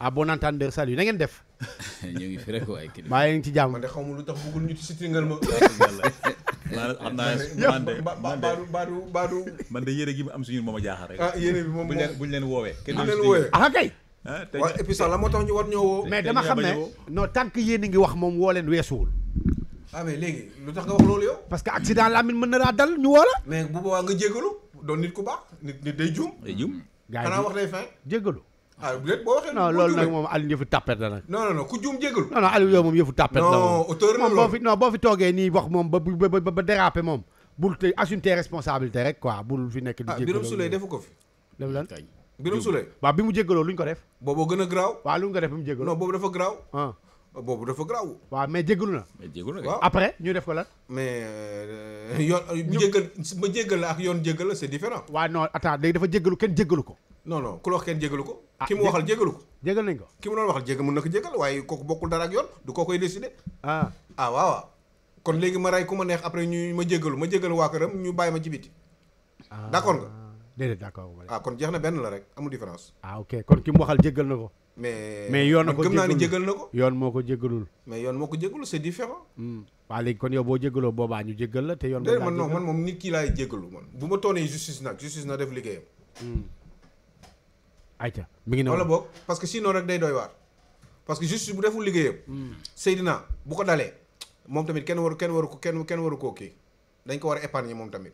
ah bon entendeur salut na ngeen def. ñu ngi fi rek waaye kii maa ngi ci jàmm. man de xaw ma lu tax bëggul ñu si tingal ma. man de baadu gi mu am suñu moom a jaaxal rek. ah yéene bi moom buñ leen buñ leen woowee. kenn du leen woowee ah kay. Ah, waaye et puis la moo tax ñu war ñoo mais dama xam ne non tant que yéen a ngi wax moom woo leen weesuwul. ah mais léegi lu tax nga wax loolu yow. parce que accident la amit mën na laa dal ñu woo la. mais bu boobaa nga jégalu doon nit ku baax nit day juum. day juum gars yi xanaa wax ah bu boo loolu nag moom Aliou yëfu tàppet la nag. non non non ku juum moom yëfu tàppet la moom. moom boo fi non boo fi toogee nii wax moom ba ba ba déraper moom. bul te assume tes responsabilités rek quoi bul fi nekk. di ah, jégalu ah Birame Souleye defu ko fi. def lan bi mu jégaloo luñ ko def. booboo gën a garaaw. waaw lu ñu ko def bi mu boobu dafa garaaw. Ah. waa mais jégalu na. mais jégalu na après ñu def ko lan. mais euh, yoon. ñu jégal ma jégal la yoon jégal la c'est différent. waaw non attends dafa jégalu kenn jégalu ko non non ku la wax kenn jégalu ko. Ah, ki mu waxal jégalu ko. jégal ko ki mu doon waxal jégal mën na ko jégal waaye kooku bokkul dara ak yoon du koo koy décider. ah ah waaw kon léegi ma rey ku ma neex après ñu ma jégalu ma jégalu waa këram ñu bàyyi ma ci biti. Ah. d'accord nga. déedéet d'accord ah kon jeex na benn la rek amul différence. ah kon ki mu waxal jégal na ko. mais mais yoon na ko gëm naa ni jégal na ko. yoon moo ko jégalul. mais yoon moo ko jégalul c'est différent. Hmm. waaw léegi kon yow boo jégaloo boobaa ñu jégal la te yoon. man non man moom nit kii laay jégalu man bu ma toonee justice nag justice na def liggéeyam. Hmm. ayca mi ngi ne wala boog parce que sinon rek day doy waar parce que justice bu deful liggéeyam. Hmm. Seydina bu ko dalee moom tamit kenn waru kenn waru ko kenn kenn waru koo kii dañ ko war a épargner moom tamit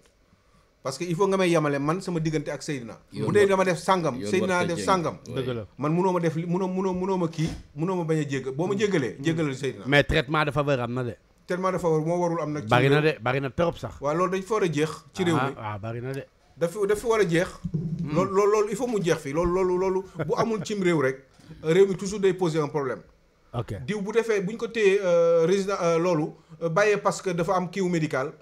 parce que il faut nga may yemale man sama diggante ak Seydina. bu dee dama def sàngam Seydina def sàngam. dëgg la man munoo ma def munoo munoo munoo ma kii munoo ma bañ a boo ma hmm. jéggalee. Hmm. jéggalal Seydina mais traitement de faveur am na de. traitement de faveur moo warul am nag. bari na de bari na trop sax. waaw loolu dañ fa war a jeex. ci réew mi waaw ah, ah, bari na de. dafa dafa war a jeex. loolu hmm. loolu il faut mu jeex fii loolu loolu loolu bu amul cim réew rek réew mi toujours day poser un problème. diw bu defee bu ñu ko téye euh, résident euh, loolu euh, bàyyee parce que dafa am kiiw médical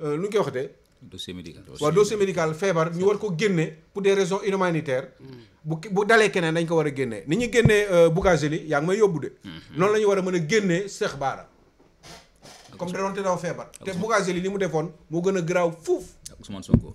lu ñu koy waxatee. dossier médical waaw dossier médical feebar ñu war ko génne pour des raisons humanitaires. Hmm. bu bu dalee keneen dañ ko war a génne ni ñu génnee Bougazelli yaa ngi may yóbbu de. Hmm. noonu la ñu war a mën a génnee Cheikh Bara. comme da doon te dafa feebar. te Bougazelli li mu defoon moo gën a garaaw fuuf. Ousmane Sonko.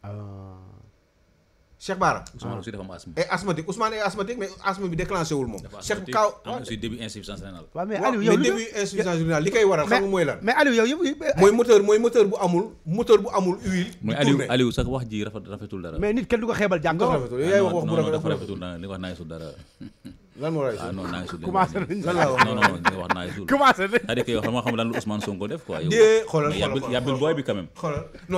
Euh, Cheikh Bara. Ousmane ah. aussi dafa am asthme. et asthmatique Ousmane mais asthme wul moom. Cheikh Kaw am na aussi début insuffisance rénale. waaw mais Aliou yow li koy waral xam mais mooy moteur mooy moteur bu amul moteur bu amul huile. mooy Aliou Aliou sax wax ji rafet rafetul dara. mais nit kenn du ko xeebal jàng. rafetul yow yaay wax wax bu rafetul non non dafa rafetul li dara. lan moo lay ngi la wax non non nga wax naa suul commencé nañ c'est-à-dire que yow xam xam lan lu Ousmane Sonko def quoi yow yàbbil booy bi quand même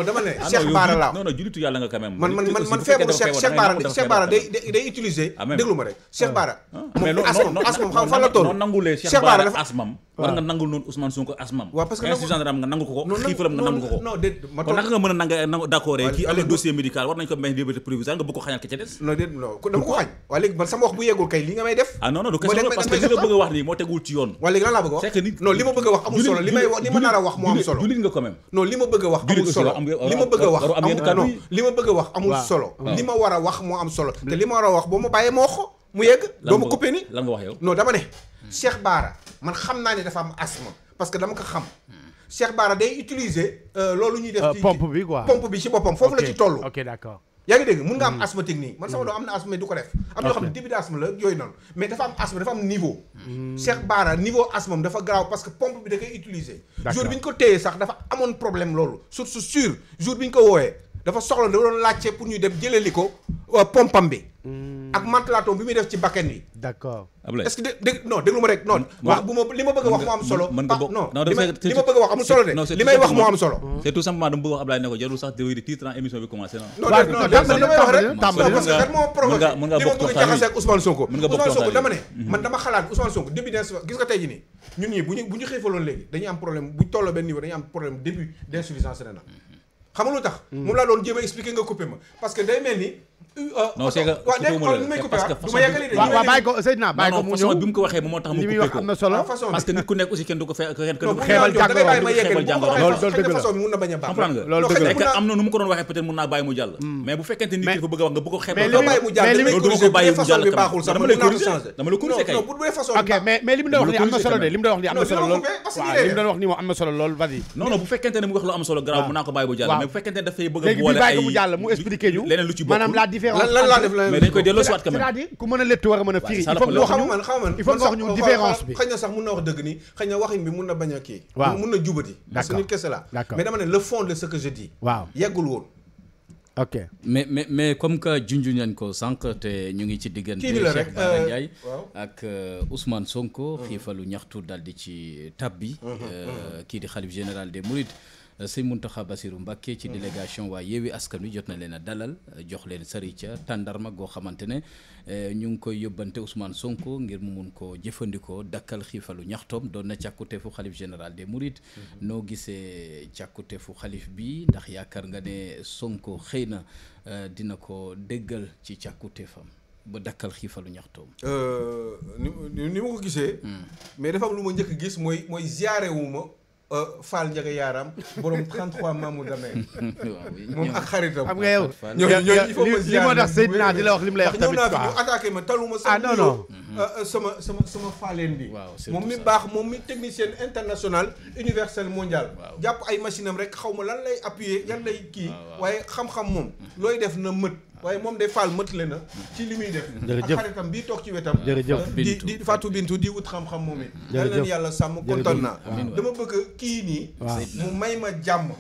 dama ne ah, Cheikh Bara la non non yàlla nga quand man man man feebaru Cheikh Bara Cheikh ah, ma rek Cheikh ah. Bara mais asmam asmam xam fan la toll asmam war nga nangul noonu Ousmane Sonko asmam waaw parce que gendarme nga nangul ko ko xiifalam nga nangul ko ko non déet kon naka nga mën a nanga d'accord kii am na dossier médical war nañ ko may liberté provisoire nga bëgg ko xañal ka ca des non déet non dama ko xañ waa léegi man sama wax bu yeggul kay li nga may def ah non non du question parce que li nga bëgg a wax nii moo tegul ci yoon waa léegi lan laa bëgg a wax c'est que nit non li ma bëgg a wax amul solo li may wax li ma nar a wax moo am solo julit nga quand même non li ma bëgg a wax amul solo li ma bëgg a wax non li ma bëgg a wax amul solo li ma war a wax moo am solo te li ma war a wax boo ma bàyyee ma wax ko mu yegg doo ma coupé ni lan nga wax yow non dama ne Cheikh Bara man xam naa ne dafa am asthme parce que dama ko xam. Cheikh Bara day utiliser. Euh, loolu ñuy def euh, ci bi quoi pompe bi ci boppam foofu la ci toll. ok d'accord yaa ngi dégg mun nga am hmm. asthme technique man sama hmm. doom am na asthme du ko def. am na yoo xam ne début d'asthme la yooyu noonu. mais dafa am asthme dafa am niveau. Hmm. Cheikh Bara niveau asthme dafa garaaw parce que pompe bi da koy utiliser. jour bi ñu ko téyee sax dafa amoon problème loolu. surtout sûr jour bi ñu ko wooyee dafa soxla da doon laajte pour ñu dem jëleli ko euh, pompam bi. Hmm. ak mantelaatoom bi muy def ci bakken yi. d'accord Ablaye est-ce que dé non déglu ma rek non. wax bu ma li ma bëgg wax mu am solo. mën nga ah, bëgg a wax amul solo de. li may wax mu am solo. c'est tout dama bëgg wax Ablaye ne ko jarul sax di di titre émission bi commencé na. non non wax rek. parce que kat moo provoqué bëgg a jaxase mhm. nii ñun ñii am problème bu d'insuffisance rénale. xam nga tax. Mhm. moom laa doon jéem a nga coupé ma Euh, non c'est que parce mu nga ko bàyyi mu jàll mais nga bëgg ko xeebal ko bàyyi mu jàll dama bu fekkente mu wax lu am solo garaaw mun naa ko bàyyi mu jàll mais bu fekkente dafay bëgg boole ay mu jàll ñu leneen lu ci bokk différence. lan lan laa def mais dañ koy delloo soit quand même cest à a war a mën a firi. il faut ñu xaw man il faut ñu wax ñu woon. ok mais mais mais comme que junju nañ ko sànq te ñu ngi ci diggante Cheikh Bara euh, Ndiaye ak euh, Ousmane Sonko xiifalu ñaxtu daal di ci tab bi euh, kii di xalif général des Mourides Euh, sëñ Mountakha Bassirou Mbacké ci mm. délégation waa Yewwi Askan Wi jot na leen a dalal euh, jox leen sari ca tàndarma goo xamante ne euh, ñu ngi koy yóbbante Ousmane Sonko ngir mu mun koo jëfandikoo dakkal xiifalu ñaxtoom doon na càkkuteefu xalif général des Mourides mm-hmm. noo gisee càkkuteefu xalif bi ndax yaakaar nga ne Sonko xëy na dina ko déggal ci càkkuteefam ba dakkal xiifalu ñaxtoom. ni ni ma ko gisee. Mm. mais dafa lu ma njëkk gis mooy mooy Euh, Fall Ndiaga Yaram borom 33 Mamour Damel. moom ak xaritam. xam nga yow li moo tax Seydina di la wax li mu lay wax tamit waaw ndax ñëw naa ma taluma sama. ah non non mhm. euh, euh, sama sama sama faaleen bi. moom mi baax moom mi technicien international universel mondial. jàpp ay machine am rek xaw ma lan lay appuyer yan lay kii. waaye xam-xam moom. Mhm. looy def na mët. waaye moom day faal mëtle na ci li muy def ak xaritam bii toog ci wetam di di Fatou Bintou di wut xam-xam moom it dal leen yàlla sàmm kontaan naa dama bëgg kii nii mu may ma jàmm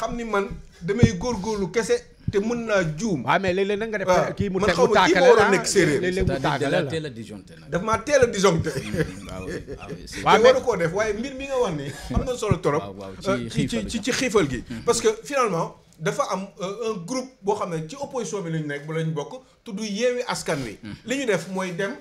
xam ni man damay góorlu kese te mën naa juum. waaw mais léeg-léeg nan nga def kii mu teg mu taakale la nekk séeréer. léeg-léeg mu taakale la teel a disjoncté nag. daf maa teel a disjoncté. waaw ah koo def waaye mbir mi nga wax ni. am na solo trop. ci euh, ci ci xiifal gi. Mm-hmm. parce que finalement dafa am euh, un groupe boo xam ne ci opposition bi lañu nekk bu lañ bokk tudd yeewi askan wi. Mm-hmm. li ñu def mooy dem.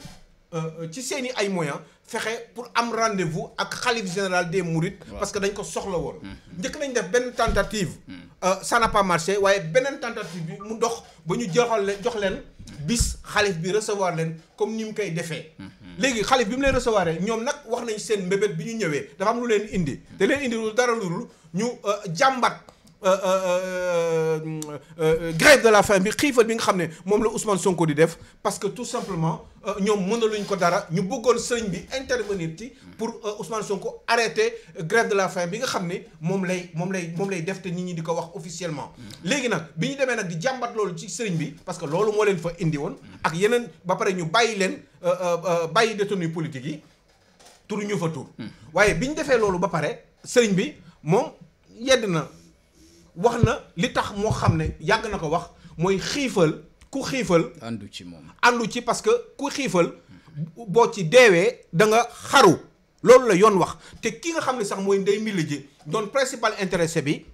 Euh, euh, ci seen i ay moyens fexe pour am rendez-vous ak xalif général des Mourides. parce que dañ ko soxla woon. Mhm. njëkk nañ def benn tentative. sana mhm. euh, n'a pas marché waaye beneen tentative bi mu dox ba ñu joxal jox leen bis xalif bi recevoir leen comme ni mu koy defee. Mhm. léegi xalif bi mu leen recevoir ñoom nag wax nañ seen mbébét bi ñu ñëwee dafa am lu leen indi. te leen indi lu dara lu dul ñu jàmbat. Euh, euh, euh, grève de la faim bi xiifal bi nga xam ne moom la Ousmane Sonko di def parce que tout simplement ñoom mënaluñ ko dara ñu bëggoon sëriñ bi intervenir ci pour Ousmane Sonko arrêter grève de la fin bi nga xam ne moom lay moom lay moom lay def te nit ñi di ko wax officiellement. léegi nag bi ñu demee nag di jàmbat loolu ci sëriñ bi parce que loolu moo leen fa indi woon. ak yeneen ba pare ñu bàyyi leen bàyyi détenu politique yi tur ñu fa tur. Hmm. waaye bi ñu defee loolu ba pare sëriñ bi moom na. wax na li tax moo xam ne yàgg na ko wax mooy xiifal ku xiifal. àndu ci moom àndu ci parce que ku xiifal boo ci deewee da nga xaru loolu la yoon wax te ki nga xam ne sax mooy ndey mille ji doon principal intéressé bi.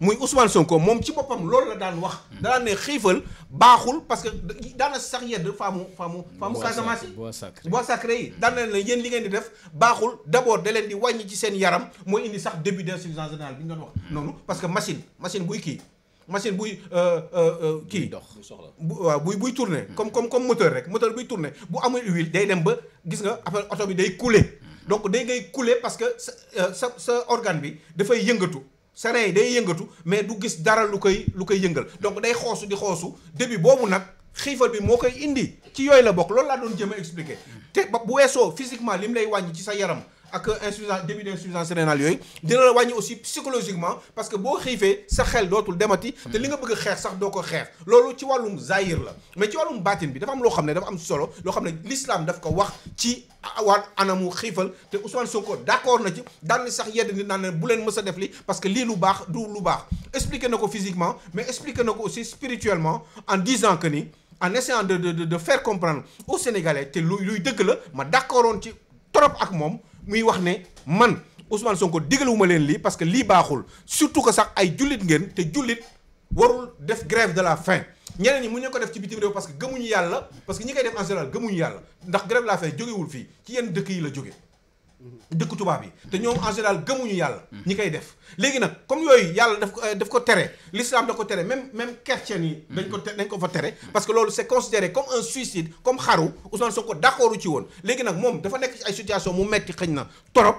muy Ousmane Sonko moom ci boppam loolu la daan wax. Hmm. daan ne xiifal baaxul parce que daana sax yedd faamu faamu. faamu Casamance yi bois sacré yi daan na leen yéen li ngeen di def baaxul d' abord leen di wàññi ci seen yaram mooy indi sax début d' insuffisance rénale bi ñu wax. Hmm. noonu parce que machine machine buy kii machine buy euh, euh, euh, kii. dox bu waaw buy buy tourner. Hmm. comme comme comme moteur rek moteur buy tourner bu amul huile day dem ba gis nga après oto bi day couler. donc day ngay couler parce que sa sa sa organe bi dafay yëngatu. sare yi day yëngatu mais du gis dara lu koy lu koy yëngal donc day xoosu di xoosu début boobu nag xiifal bi moo koy indi ci yooyu la bokk loolu laa doon jëm a te ba bu weesoo physiquement li mu lay wàññi ci sa yaram ak insuffisance début d'insuffisance rénale yooyu dina la wàññi aussi psychologiquement parce que boo xiifee sa xel dootul demati te li nga bëgg a xeex sax doo ko xeex loolu ci wàllum zahir la mais ci wàllum baatin bi dafa am loo xam ne dafa am solo loo xam ne l'islam daf ko wax ci waan anamu xiifal te Ousmane Sonko d'accord na ci daan sax yedd nit naan bu leen mës a def li parce que lii lu baax du lu baax expliqué na ko physiquement mais expliqué na ko aussi spirituellement en disant en essayant de de de faire comprendre aux luy dëgg la ma d'accordoon ci trop ak moom muy wax ne man Ousmane ko digaluma leen lii parce que lii baaxul surtout que sax ay jullit ngeen te jullit warul def grève de la faim ñeneen ñi mu ñu ko def ci bitim réew parce que gëmuñu yàlla parce que ñi koy def en général gëmuñu yàlla ndax grève de la faim jógewul fii ci yenn dëkk yi la jóge dëkk tubaab yi te ñoom en gëmuñu yàlla ñi koy def léegi nag comme yooyu yàlla daf ko euh, def ko tere l'islam da ko tere même même chrétien yi dañ ko dañ ko fa tere parce que loolu c'est considéré comme un comme xaru Ousmane Sonko d'accord ci woon léegi nag moom dafa nekk ci ay situation mu metti xëñ na torop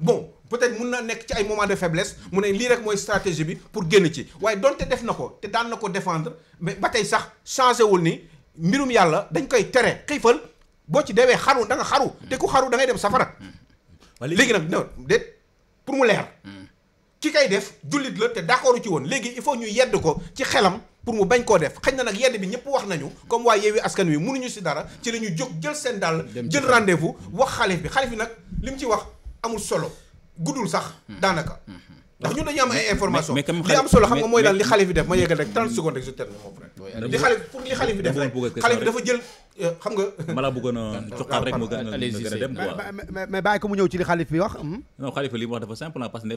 bon peut-être mun na nekk ci ay moment de faiblesse mu ne lii mooy stratégie bi pour génn ci waaye donte def na ko te daan na ko defendre mais ba tey sax changé wul ni mbirum yàlla dañ koy tere xiifal boo ci deewee xaru da xaru te ku xaru da dem safara léegi nag non déet pour mu leer. Hmm. ki kay def jullit la te d'accord ci woon léegi il faut ñu yedd ko ci xelam pour mu bañ koo def xëy na nag yedd bi ñëpp wax nañu comme waa Yewwi Askan Wi mënuñu si dara ci la ñu jóg jël seen dàll jël rendez-vous wax xalif bi xalif bi nag li mu ci wax amul solo guddul sax hmm. daanaka hmm. ndax ñun dañu am ay information li am solo xam nga mooy daal li xalif bi def ma yeggal rek 30 secondes li xalif pour li xalif bi dafa jël Euh, xam nga. mala bëggoon a cuqaat rek mu gën a gën a dem quoi. mais bàyyi ko mu ñëw ci li xalif bi wax. Hmm? non xalif li mu wax dafa simple parce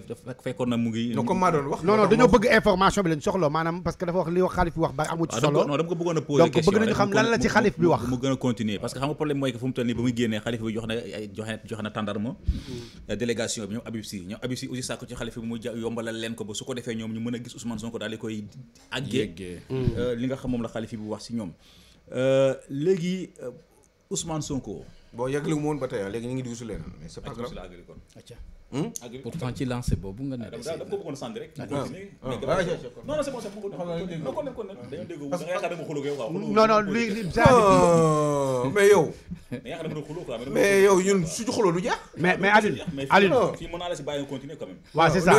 que dafa wax li wax xalif bi wax ba amu ci ah, solo. non ko a bëgg nañu xam lan la ci xalif bi wax. mu gën a continuer parce que xam nga problème mooy que fu mu toll nii ba muy génnee xalif bi jox na joxe mm. délégation bi ñoom Habib Sy ñoom Habib Sy aussi sàkku ci xalif bi mu yombalal leen ko ba su ko defee ñoom ñu mën a gis Ousmane euh, wax si Euh, léegi euh, Ousmane Sonko. bon boo li mu woon ba tey ah, léegi ñu ngi dugg si leneen mais c'est pas grave. Hmm? pourtant ci lancé boobu nga nekk. Ah, da ko bëggoon sànni rek. Ah. Ah. non non c'est bon c'est bon dañoo déggoo dama xuloo yow non non li mais yow. mais yow ñun suñu xuloo du jeex. mais mais Alioune Alioune. fii mën naa la si bàyyi continuer quand même. waaw c'est ça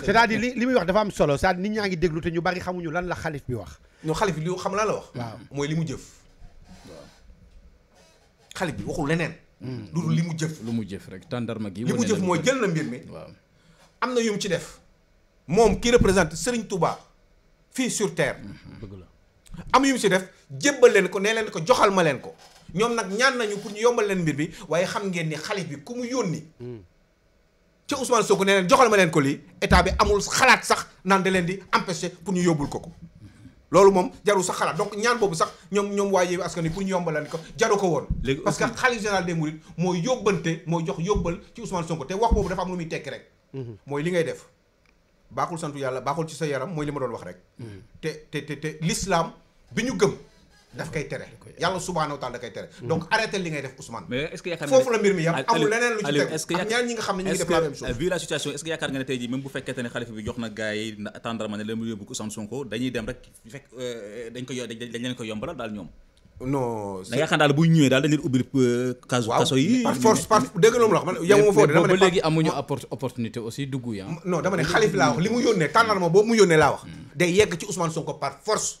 c'est-à-dire bu ma li muy wax dafa am solo c'est-à-dire nit ñaa ngi déglu te ñu bari xamuñu lan la xalif bi wax. ñu xalif bi xam lan la wax. waaw mooy li mu jëf. xalif bi waxul leneen Mm. lu dul li mu jëf. lu mu jëf rek tàndarma gi. li mu jëf mooy jël na mbir mi. waaw am na yu mu ci def. moom ki représente Serigne Touba fii sur terre. Mm-hmm. dëgg la am yum ci def jébbal leen ko nee leen ko joxal ma leen ko ñoom nag ñaan nañu pour ñu yombal leen mbir bi waaye xam ngeen ni xalif bi ku mu yónni. Mm. ci Ousmane Sonko nee leen joxal ma leen ko lii état bi amul xalaat sax naan de leen di empêcher pour ñu yóbbul ko ko. loolu moom jaru sax xalaat donc ñaan boobu sax ñoom ñoom waa Yewwi Askan Wi pour ñu yombalal ko jaru ko woon parce que xalifa général des mourides moo yóbbante moo jox yóbbal ci Ousmane Sonko te wax boobu dafa am lu muy tekki rek mhm. mooy li ngay def baaxul santu yàlla baaxul ci sa yaram mooy li ma doon wax rek mhm. te te te te l'islam bi ñu gëm daf koy tere yàlla subhaanahu wa taala da koy tere hmm. donc arrêté li ngay def Ousmane mais est-ce que yaakaar nga ne tey jii même bu fekkente ne xalifa bi jox na gars yi ne koy euh, dañ leen ko yombalal daal ñoom non da nga xam daal bu ñëwee daal dañ leen ubbil kaso euh, kaso yi par force par dégg loolu wax man wax boobu mu yónnee laa wax hmm. day yegg ci Ousmane Sonko par force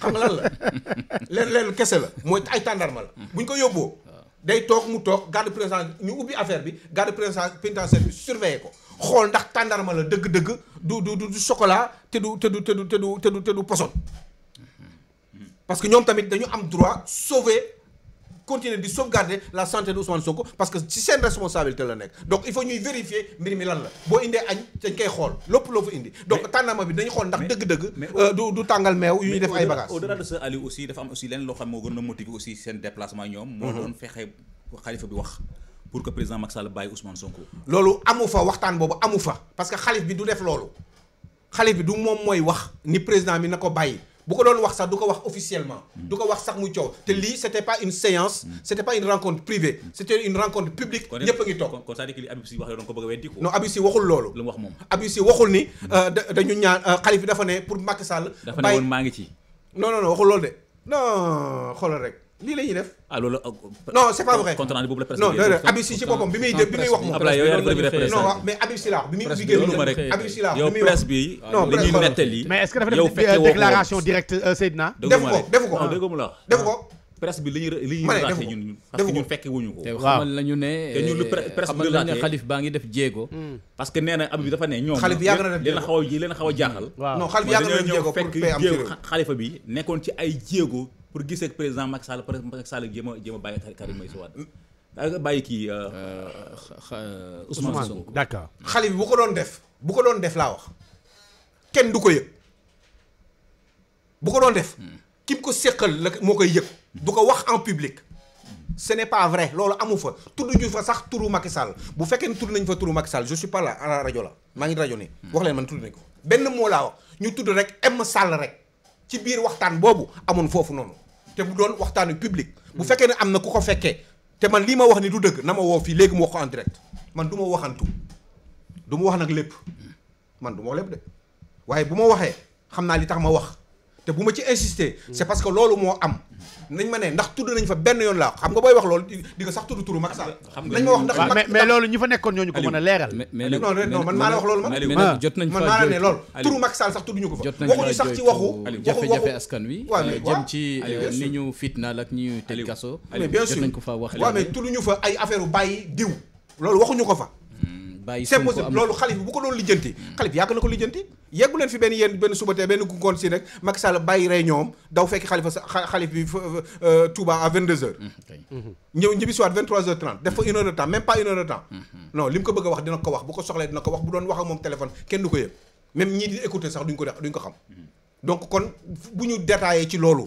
xam nga lan la leen leen kese la mooy ay tàndarma la bu ñu ko yóbboo day toog mu toog garde présidence ñu ubbi affaire bi garde présidence pénitentiaire bi surveiller ko xool ndax tàndarma la dëgg-dëgg du du du chocolat te du te du te du te du te du poson parce que ñoom tamit dañu am droit sauver continuer di sauvegarder la santé de Ousmane Sonko parce que ci seen responsabilité la nekk donc il faut ñuy vérifier mbir mi lan la boo indee añ dañ koy xool lépp loo fa indi donc tànnama bi dañu xool ndax dëgg-dëgg euh, du du tàngal meew yu ñuy def ay bagages aussi dafa am aussi leneen loo xam moo gën a motiver aussi seen déplacement ñoom moo mhm. doon fexe xalifa bi wax pour que président Macky Sall bàyyi Ousmane Sonko. loolu amu fa waxtaan boobu amu fa parce que xalif bi du def loolu xalif bi du moom mooy wax ni président bi na ko bàyyi bu ko doon wax sax du ko wax officiellement du ko wax sax muy coow te lii c'était pas une séance c'était pas une rencontre privée c'était une rencontre publique ñëpp a ngi toog kon c'est-à-dire que li Habib Sy wax doon ko bëgg a weddi waxul loolu lu mu wax moom Habib Sy waxul ni euh, dañu ñaan xalif euh, bi dafa ne pour Macky Sall dafa ne woon maa ngi ci non non non waxul loolu de non xoolal rek lii la ñuy def. ah loolu. Euh, euh, non c'est pas vrai contrainte boobu la presse. bi muy bi muy wax moom. def revue de presse. non waaw mais Habib bi muy liggéey loolu ma rek Habib Sy la bi muy wax yow presse bi. non que dafa def déclaration euh, ko def ko ah, dégg mu la wax def ko. bi li ñuy li ñuy relaté wuñu ko te xamal lañu ne te ñun lu presse bi relaté xalif baa ngi def jéego hmm. parce que nee na ab bi dafa ne ñoom a leen xaw hmm. fekk jéego xalifa bi nekkoon ci ay jéego pour gisee ak président Macky Sall président Macky Sall jéem a jéem a bàyyi Karim Meïssa Wade bàyyi kii. Euh, euh, Ousmane Sonko d'accord xale mmh. bi bu ko doon def bu ko doon def laa wax kenn du ko bu ko doon def. Mmh. kim ko séqal la moo koy yëg. du ko wax en public. ce n'est pas vrai loolu amu fa tudd ñu fa sax turu Macky Sall bu fekkee ne tudd nañ fa turu Macky Sall je suis pas la rajo la maa ngi rajo nii. Mmh. wax leen man tudd nañ ko benn moo laa wax ñu tudd rek M Sall rek ci biir waxtaan boobu amoon foofu noonu. te bu doon waxtaanu public. bu hmm. fekkee ne am na ku ko fekkee te man lii ma wax ni du dëgg na ma woo fii léegi mu wax ko en direct man du ma waxantu du mu wax nag lépp man du moo wax lépp de waaye bu ma waxee xam naa li tax ma wax te bu ma ci insister c'est parce que loolu moo am nañ ma ne ndax tudd nañ fa benn yoon laa xam nga booy wax loolu di nga sax tudd turu Macky Sall nañ ma wax ndax mais loolu ñi fa nekkoon ñooñu ko mën a leeral non non man maa ah. jot nañ ko fa waxuñu sax ci waxu jafe-jafe askan wi waaw euh, jëm euh, ñu fitnaal ak fa ay affaire bàyyi diw loolu waxuñu ko fa c'est possible loolu xalif bi bu ko doon lijjanti xalif hmm. yàgg na ko lijjanti yeggu leen fi benn yéen benn subatee benn gungoon si rek Macky Sall bàyyi réunion am daw fekk xalifa xalif bi euh, euh, Touba à 22h hmm, hmm. ñëw ñibbi si waat 23h30 def fa une heure temps même pas une heure temps non li mu ko bëgg a wax dina ko wax bu ko soxlee dina ko wax bu doon wax moom téléphone kenn du ko yëg même ñii di écouter sax duñ ko duñ ko xam donc ci loolu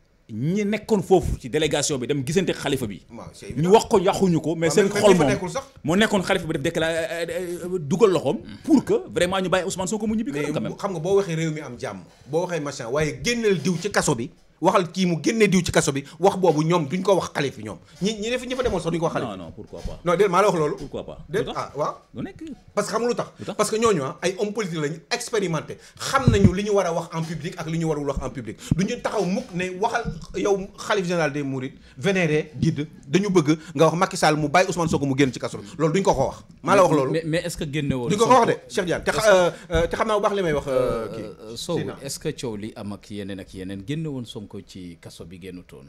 ñi nekkoon foofu ci délégation bi dem gisante xalifa bi. ñu wax ko yaxuñu ko. mais seen xol moom moo nekkoon xalifa bi def déclaré euh, euh, dugal loxoom. pour que vraiment ñu bàyyi Ousmane Sonko mu ñibbi. quand même xam nga boo waxee réew mi am jàmm. boo waxee machin waaye génneel diw ci kaso bi. waxal kii mu génne diw ci kaso bi wax boobu ñoom duñ ko wax xalif bi ñoom ñi ñi def ñi fa demoon sax duñ ko wax xalif non non pourquoi pas non déet maa la wax loolu pourquoi pas déet ah waaw du nekk parce que xam nga lu tax parce que ñooñu ah ay homme politique lañu expérimenté xam nañu li ñu war a wax en public ak li ñu warul wax en public duñu taxaw mukk ne waxal yow xalif général des mourides vénéré guide dañu bëgg nga wax Macky Sall mu bàyyi Ousmane Sonko mu génn ci kaso bi loolu duñ ko ko wax maa la wax loolu mais est-ce que génne woon duñ ko ko wax de Cheikh Diagne euh, euh, te xam naa bu baax li may wax euh, kii Sow est-ce que coow li am ak yeneen ak yeneen génne woon Sonko ko ci kaso bi génn génnutoon.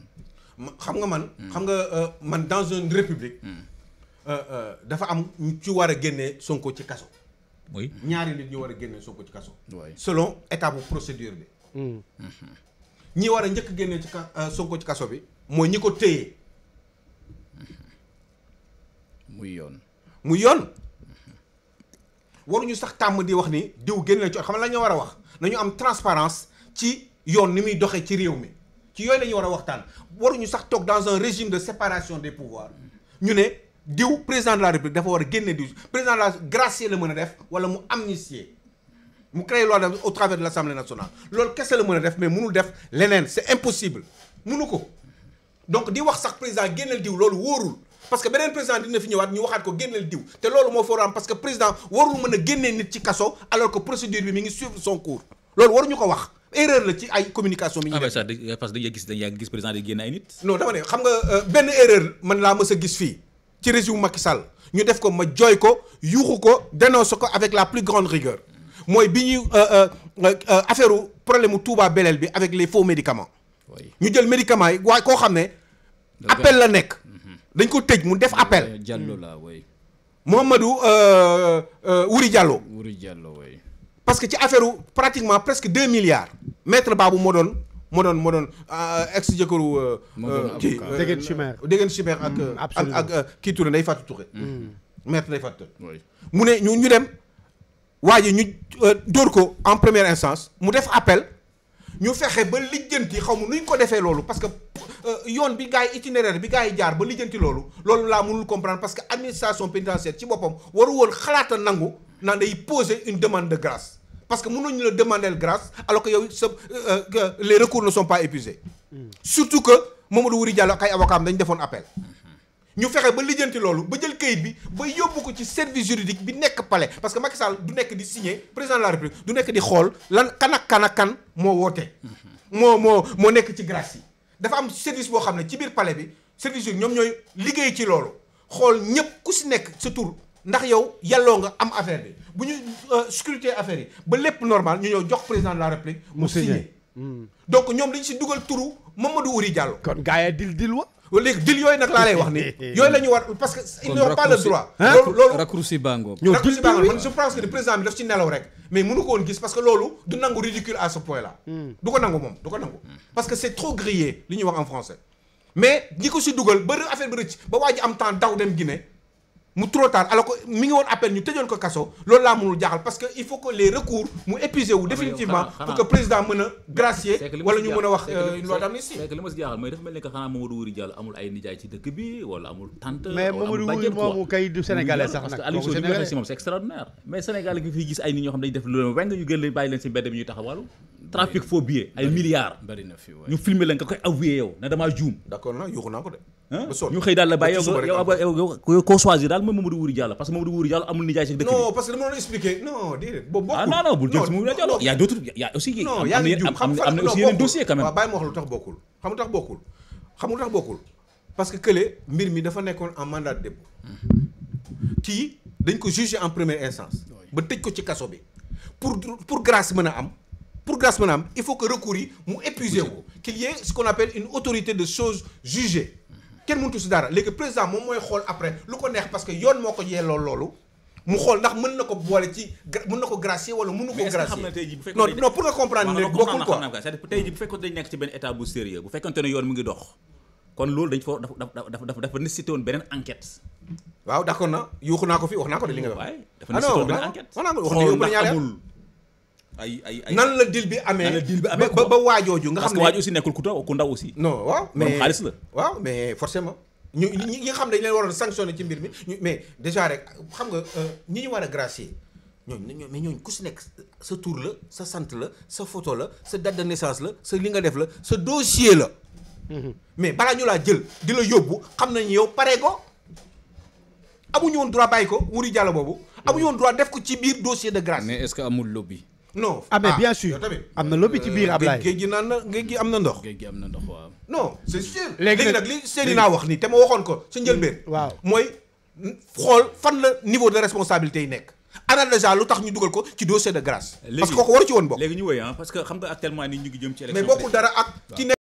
xam nga man. Hmm. xam nga euh, man dans une république. Hmm. Euh, euh, dafa am ci war a génnee Sonko ci kaso. ñaari nit ñu war a génne Sonko ci kaso. selon état bu bi. Hmm. ñi war a njëkk génne ci ka Sonko ci kaso bi. mooy ñi ko téye. muy yoon. muy yoon. waruñu sax tàmm di wax ni diw génne ci xam la ñu war a wax nañu am transparence ci. yoon ni muy doxee ci réew mi ci yooyu la ñu war a waxtaan waruñu sax toog dans un régime de séparation des pouvoirs ñu ne diw président de la république dafa war a génne diw président de la gracier la mën a def wala mu amnistier mu créé loi au travers de l'assemblée nationale loolu kese la mën a def mais mënul def leneen c'est impossible mënu ko donc di wax sax président génneel diw loolu wóorul parce que beneen président dina fi ñëwaat ñu waxaat ko génneel diw te loolu moo fa war parce que président warul mën a génnee nit ci kaso alors que bi mi ngi suivre son cours loolu waruñu ko wax erreur la ci ay communication bi ñu ah, def ah parce que dañuy gis dañuy gis euh, benn erreur man laa mës a gis fii ci régime Macky Sall ñu def ko ma jooy ko yuuxu ko dénonce ko avec la plus grande rigueur mooy bi ñuy euh, euh, affaire problème mu Touba Belel bi avec les faux médicaments ñu jël médicaments yi waaye koo xam ne appel la nekk mhm. dañ ko tëj mu def appel Diallo la way Mouhamadou Wuri Diallo Wuri Diallo way parce que ci affaire pratiquement presque deux milliards maître baabu moo doon moo doon moo doon euh, ex jëkkëru. Euh, euh, kii Degen Chimère. Degen Chimère ak mm, ak ak kii Touré nday fàttu Touré. Mm. maître mu ne ñu ñu dem waa ji ñu dóor ko en première instance mu def appel. ñu fexe ba lijjanti xaw ma nuñ ko defee loolu parce que yoon bi gars yi itinéraire bi gars yi jaar ba lijjanti loolu loolu laa mënul comprendre parce que administration pénitentiaire ci boppam waru woon xalaata nangu naan day poser une demande de grâce parce que mënuñu la demander grâce alors que yow sa euh, les recours ne sont pas épuisés. surtout que Mamadou Wuri jàll ak ay avocats am dañu defoon appel. ñu fexe ba lijjanti loolu ba jël kayit bi ba yóbbu ko ci service juridique bi nekk pale parce que Macky Sall du nekk di signer président de la république du nekk di xool lan kan ak kan moo woote. moo moo moo nekk ci grâce yi dafa am service boo xam ne ci biir pale bi service yi ñoom ñooy liggéey ci loolu xool ñëpp ku si nekk sa tur ndax yow yelloo nga am affaire bi bu ñu euh, scruter affaire yi ba lépp normal ñu ñëw jox président la république mu signé hmm. donc ñoom dañ si dugal turu Mamadou Ouri Diallo kon gars dil dil wa dil yooyu nag laa lay wax ni yooyu la war parce que ils n'ont pas le droit loolu loolu raccourci bango man je pense que le président bi daf ci nelaw rek mais mënu ko woon gis parce que loolu du nangu ridicule à ce point là hmm. du ko nangu moom du ko nangu parce que c'est trop grillé li ñuy wax ñi ko si dugal ba affaire bi rëcc ba waa am temps daw dem Guinée mu trop tard alors que mi ngi woon appel ñu tëjoon ko kaso loolu laa mënul jaaxal parce que il faut que les recours mu épuisé wu ah, définitivement pour que président mën a gracier wala ñu mën a wax euh, une loi d'amnistie c'est que li ma si jaaxal mooy dafa mel ni que xanaa Mamadou Wuri Diallo amul ay nijaay ci dëkk bi wala amul tante mais Mamadou Wuri moomu kay du sénégalais sax nag Aliou Sow li mu si extraordinaire mais sénégalais gi fi gis ay nit ñoo xam trafic faux billets ay milliards. bari na fi ñu filmer la nga koy avoué yow ne damaa juum. d'accord ñu xëy daal la bàyyi yow yow choisir daal mooy Mamadou Wuuri Diallo parce que Mamadou Wuuri Diallo amul nijaay si dëkk bi. parce que dama doon expliquer non déedéet. boobu ah, bokkul ah non non bul am na aussi mi dafa nekkoon en mandat de dépôt kii dañ ko jugé en première instance ba tëj ko ci kaso bi pour pour grâce mën a am pour grâce maanaam il faut que recours yi mu épuisé wu qu'il y ce qu'on appelle une autorité de choses jugées kenn mëntu si dara léegi président moom mooy xool après lu ko neex parce que yoon moo ko yelloo loolu mu xool ndax mën na ko boole ci mën na ko gracier wala mënu ko gracier non non pour nga comprendre ne bokkul yoon mu ngi dox kon loolu dañ foo dafa dafa dafa dafa nécessité woon beneen enquête waaw d'accord na yuuxu naa ko fi wax naa ay ay nan la deal bi amee. nan la deal bi amee ba ba waajooju nga xam ne parce que waaj aussi nekkul ku taw ndaw aussi. non waaw mais xaalis la. waaw mais forcément. ñu ñi nga xam ne dañ leen waroon sanctionné ci mbir mi ñu mais déjà rek xam nga euh, ñi ñu war a gracier ñooñu ñooñu mais ñooñu ku si nekk sa tour la sa sant la sa photo la sa date de naissance la sa li nga def la sa dossier la. Mhm. mais balaa ñu laa jël di la yóbbu xam nañu yow pare ko amuñu woon droit bàyyi ko Wuri Diallo boobu. amuñu woon droit def ko ci biir dossier de grâce. mais est-ce que amul lobby. non ah mais ah, bien sûr am na lobby ci biir euh, Ablaye géej gi naan na géej gi am na ndox. non c'est sûr. léegi nag li seeni naa wax nii te ma waxoon ko sa njëlbeen. Mm, waaw mooy xool fan la niveau de responsabilité yi nekk. ana lu tax ñu dugal ko ci dossier de grâce. parce que kooku waru ci woon bokk. léegi ñu wëy ah, parce que xam nga actuellement nii ñu ngi jëm ci. élection mais bokkul dara ak.